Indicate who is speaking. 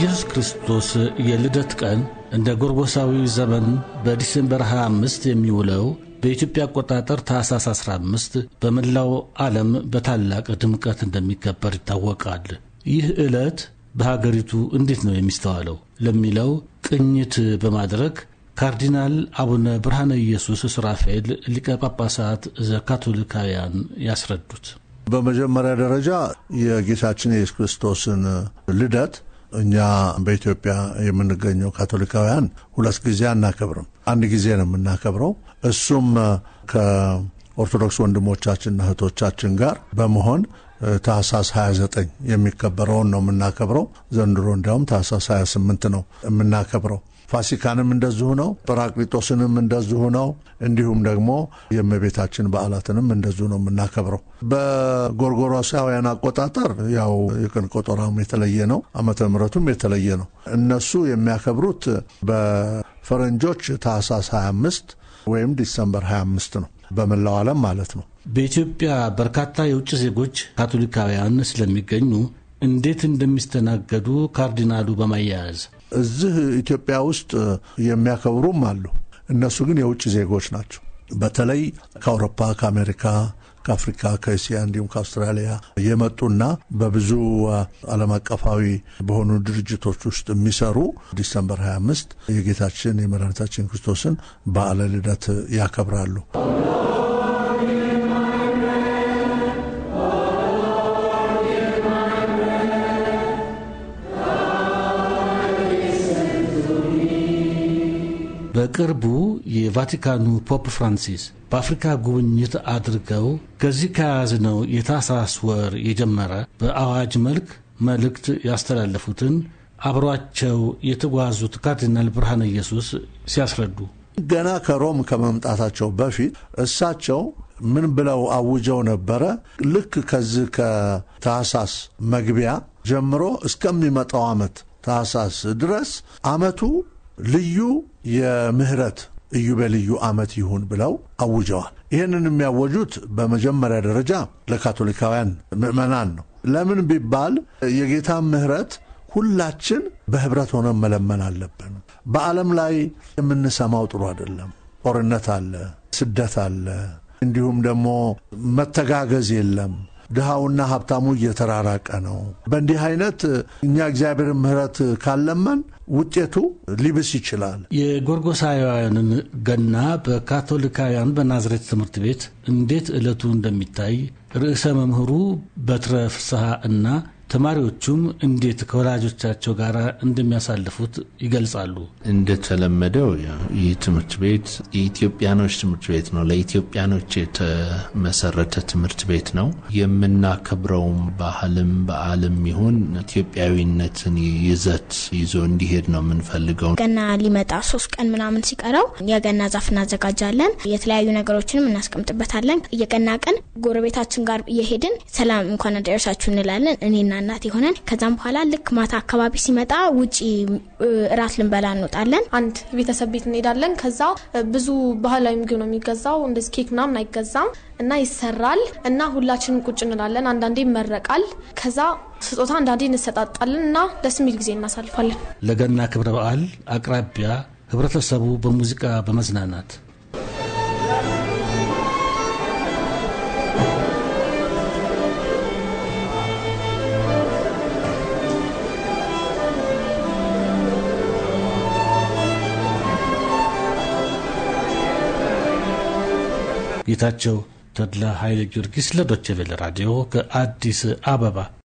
Speaker 1: የኢየሱስ ክርስቶስ የልደት ቀን እንደ ጎርጎሳዊ ዘመን በዲሴምበር 25 የሚውለው በኢትዮጵያ አቆጣጠር ታህሳስ 15 በመላው ዓለም በታላቅ ድምቀት እንደሚከበር ይታወቃል። ይህ ዕለት በሀገሪቱ እንዴት ነው የሚስተዋለው ለሚለው ቅኝት በማድረግ ካርዲናል አቡነ ብርሃነ ኢየሱስ ስራፌል ሊቀ ጳጳሳት ዘካቶሊካውያን ያስረዱት
Speaker 2: በመጀመሪያ ደረጃ የጌታችን የኢየሱስ ክርስቶስን ልደት እኛ በኢትዮጵያ የምንገኘው ካቶሊካውያን ሁለት ጊዜ አናከብርም። አንድ ጊዜ ነው የምናከብረው። እሱም ከኦርቶዶክስ ወንድሞቻችንና እህቶቻችን ጋር በመሆን ታህሳስ 29 የሚከበረውን ነው የምናከብረው። ዘንድሮ እንዲያውም ታህሳስ 28 ነው የምናከብረው። ፋሲካንም እንደዚሁ ነው። ጰራቅሊጦስንም እንደዚሁ ነው። እንዲሁም ደግሞ የእመቤታችን በዓላትንም እንደዚሁ ነው የምናከብረው። በጎርጎሮሳውያን አቆጣጠር ያው የቀን የተለየ ነው፣ ዓመተ ምሕረቱም የተለየ ነው። እነሱ የሚያከብሩት በፈረንጆች ታህሳስ 25 ወይም ዲሰምበር 25 ነው፣ በመላው ዓለም ማለት ነው። በኢትዮጵያ በርካታ የውጭ ዜጎች ካቶሊካውያን ስለሚገኙ እንዴት እንደሚስተናገዱ ካርዲናሉ በማያያዝ እዚህ ኢትዮጵያ ውስጥ የሚያከብሩም አሉ። እነሱ ግን የውጭ ዜጎች ናቸው። በተለይ ከአውሮፓ፣ ከአሜሪካ፣ ከአፍሪካ፣ ከእስያ እንዲሁም ከአውስትራሊያ የመጡና በብዙ ዓለም አቀፋዊ በሆኑ ድርጅቶች ውስጥ የሚሰሩ ዲሰምበር 25 የጌታችን የመድኃኒታችን ክርስቶስን በዓለ ልደት ያከብራሉ።
Speaker 1: በቅርቡ የቫቲካኑ ፖፕ ፍራንሲስ በአፍሪካ ጉብኝት አድርገው ከዚህ ከያዝነው የታህሳስ ወር የጀመረ በአዋጅ መልክ መልእክት ያስተላለፉትን አብሯቸው የተጓዙት ካርዲናል ብርሃነ ኢየሱስ ሲያስረዱ
Speaker 2: ገና ከሮም ከመምጣታቸው በፊት እሳቸው ምን ብለው አውጀው ነበረ? ልክ ከዚህ ከታህሳስ መግቢያ ጀምሮ እስከሚመጣው ዓመት ታህሳስ ድረስ ዓመቱ ልዩ የምህረት እዩ በልዩ ዓመት ይሁን ብለው አውጀዋል። ይህንን የሚያወጁት በመጀመሪያ ደረጃ ለካቶሊካውያን ምዕመናን ነው። ለምን ቢባል የጌታ ምህረት ሁላችን በህብረት ሆነ መለመን አለብን። በዓለም ላይ የምንሰማው ጥሩ አይደለም። ጦርነት አለ፣ ስደት አለ፣ እንዲሁም ደግሞ መተጋገዝ የለም። ድሃውና ሀብታሙ እየተራራቀ ነው። በእንዲህ አይነት እኛ እግዚአብሔር ምሕረት ካለመን ውጤቱ ሊብስ ይችላል። የጎርጎሳውያንን ገና
Speaker 1: በካቶሊካውያን በናዝሬት ትምህርት ቤት እንዴት ዕለቱ እንደሚታይ ርዕሰ መምህሩ በትረ ፍስሐ እና ተማሪዎቹም እንዴት ከወላጆቻቸው ጋር እንደሚያሳልፉት ይገልጻሉ። እንደተለመደው ይህ ትምህርት ቤት የኢትዮጵያኖች ትምህርት ቤት ነው። ለኢትዮጵያኖች የተመሰረተ ትምህርት ቤት ነው። የምናከብረውም ባህልም በዓልም ይሁን ኢትዮጵያዊነትን ይዘት ይዞ እንዲሄድ ነው የምንፈልገው። ገና ሊመጣ ሶስት ቀን ምናምን ሲቀረው የገና ዛፍ እናዘጋጃለን። የተለያዩ ነገሮችንም እናስቀምጥበታለን። የገና ቀን ጎረቤታችን ጋር እየሄድን ሰላም እንኳን አደረሳችሁ እንላለን እኔና እናት የሆነን ከዛም በኋላ ልክ ማታ አካባቢ ሲመጣ ውጪ እራት ልንበላ እንወጣለን። አንድ ቤተሰብ ቤት እንሄዳለን። ከዛ ብዙ ባህላዊ ምግብ ነው የሚገዛው። እንደዚህ ኬክ ምናምን አይገዛም እና ይሰራል እና ሁላችንም ቁጭ እንላለን። አንዳንዴ ይመረቃል። ከዛ ስጦታ አንዳንዴ እንሰጣጣለን እና ደስ የሚል ጊዜ እናሳልፋለን። ለገና ክብረ በዓል አቅራቢያ ህብረተሰቡ በሙዚቃ በመዝናናት ጌታቸው ተድላ ኃይለ ጊዮርጊስ ለዶቸቬለ ራዲዮ ከአዲስ አበባ